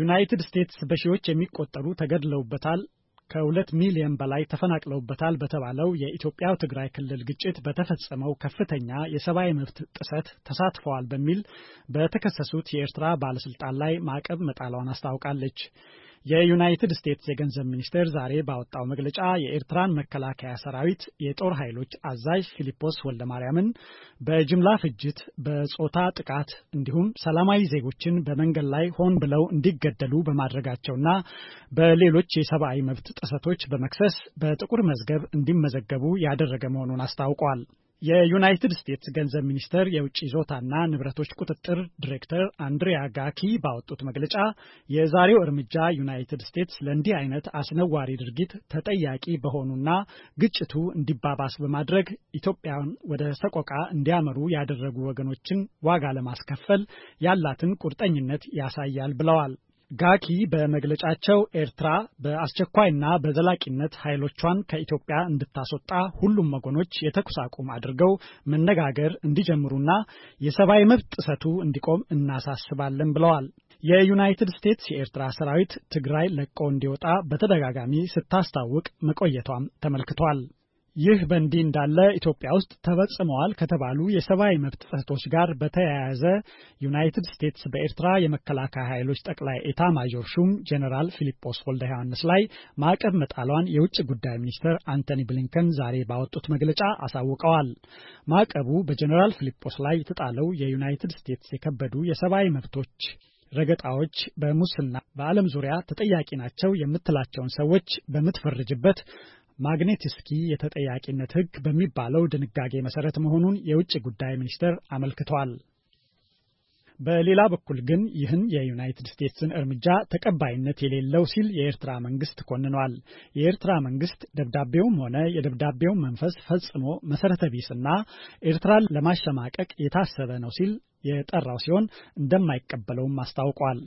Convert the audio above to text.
ዩናይትድ ስቴትስ በሺዎች የሚቆጠሩ ተገድለውበታል ከሁለት ሚሊዮን በላይ ተፈናቅለውበታል በተባለው የኢትዮጵያው ትግራይ ክልል ግጭት በተፈጸመው ከፍተኛ የሰብአዊ መብት ጥሰት ተሳትፈዋል በሚል በተከሰሱት የኤርትራ ባለስልጣን ላይ ማዕቀብ መጣሏን አስታውቃለች። የዩናይትድ ስቴትስ የገንዘብ ሚኒስቴር ዛሬ ባወጣው መግለጫ የኤርትራን መከላከያ ሰራዊት የጦር ኃይሎች አዛዥ ፊሊፖስ ወልደማርያምን በጅምላ ፍጅት፣ በጾታ ጥቃት እንዲሁም ሰላማዊ ዜጎችን በመንገድ ላይ ሆን ብለው እንዲገደሉ በማድረጋቸውና በሌሎች የሰብአዊ መብት ጥሰቶች በመክሰስ በጥቁር መዝገብ እንዲመዘገቡ ያደረገ መሆኑን አስታውቋል። የዩናይትድ ስቴትስ ገንዘብ ሚኒስቴር የውጭ ይዞታና ንብረቶች ቁጥጥር ዲሬክተር አንድሪያ ጋኪ ባወጡት መግለጫ የዛሬው እርምጃ ዩናይትድ ስቴትስ ለእንዲህ አይነት አስነዋሪ ድርጊት ተጠያቂ በሆኑና ግጭቱ እንዲባባስ በማድረግ ኢትዮጵያን ወደ ሰቆቃ እንዲያመሩ ያደረጉ ወገኖችን ዋጋ ለማስከፈል ያላትን ቁርጠኝነት ያሳያል ብለዋል። ጋኪ በመግለጫቸው ኤርትራ በአስቸኳይና በዘላቂነት ኃይሎቿን ከኢትዮጵያ እንድታስወጣ ሁሉም ወገኖች የተኩስ አቁም አድርገው መነጋገር እንዲጀምሩና የሰብአዊ መብት ጥሰቱ እንዲቆም እናሳስባለን ብለዋል። የዩናይትድ ስቴትስ የኤርትራ ሰራዊት ትግራይ ለቆ እንዲወጣ በተደጋጋሚ ስታስታውቅ መቆየቷም ተመልክቷል። ይህ በእንዲህ እንዳለ ኢትዮጵያ ውስጥ ተፈጽመዋል ከተባሉ የሰብአዊ መብት ጥሰቶች ጋር በተያያዘ ዩናይትድ ስቴትስ በኤርትራ የመከላከያ ኃይሎች ጠቅላይ ኤታ ማዦር ሹም ጀኔራል ፊሊጶስ ወልደ ዮሐንስ ላይ ማዕቀብ መጣሏን የውጭ ጉዳይ ሚኒስትር አንቶኒ ብሊንከን ዛሬ ባወጡት መግለጫ አሳውቀዋል። ማዕቀቡ በጀኔራል ፊሊጶስ ላይ የተጣለው የዩናይትድ ስቴትስ የከበዱ የሰብአዊ መብቶች ረገጣዎች በሙስና በዓለም ዙሪያ ተጠያቂ ናቸው የምትላቸውን ሰዎች በምትፈርጅበት ማግኔትስኪ የተጠያቂነት ሕግ በሚባለው ድንጋጌ መሰረት መሆኑን የውጭ ጉዳይ ሚኒስቴር አመልክቷል። በሌላ በኩል ግን ይህን የዩናይትድ ስቴትስን እርምጃ ተቀባይነት የሌለው ሲል የኤርትራ መንግስት ኮንኗል። የኤርትራ መንግስት ደብዳቤውም ሆነ የደብዳቤው መንፈስ ፈጽሞ መሰረተ ቢስና ኤርትራን ለማሸማቀቅ የታሰበ ነው ሲል የጠራው ሲሆን እንደማይቀበለውም አስታውቋል።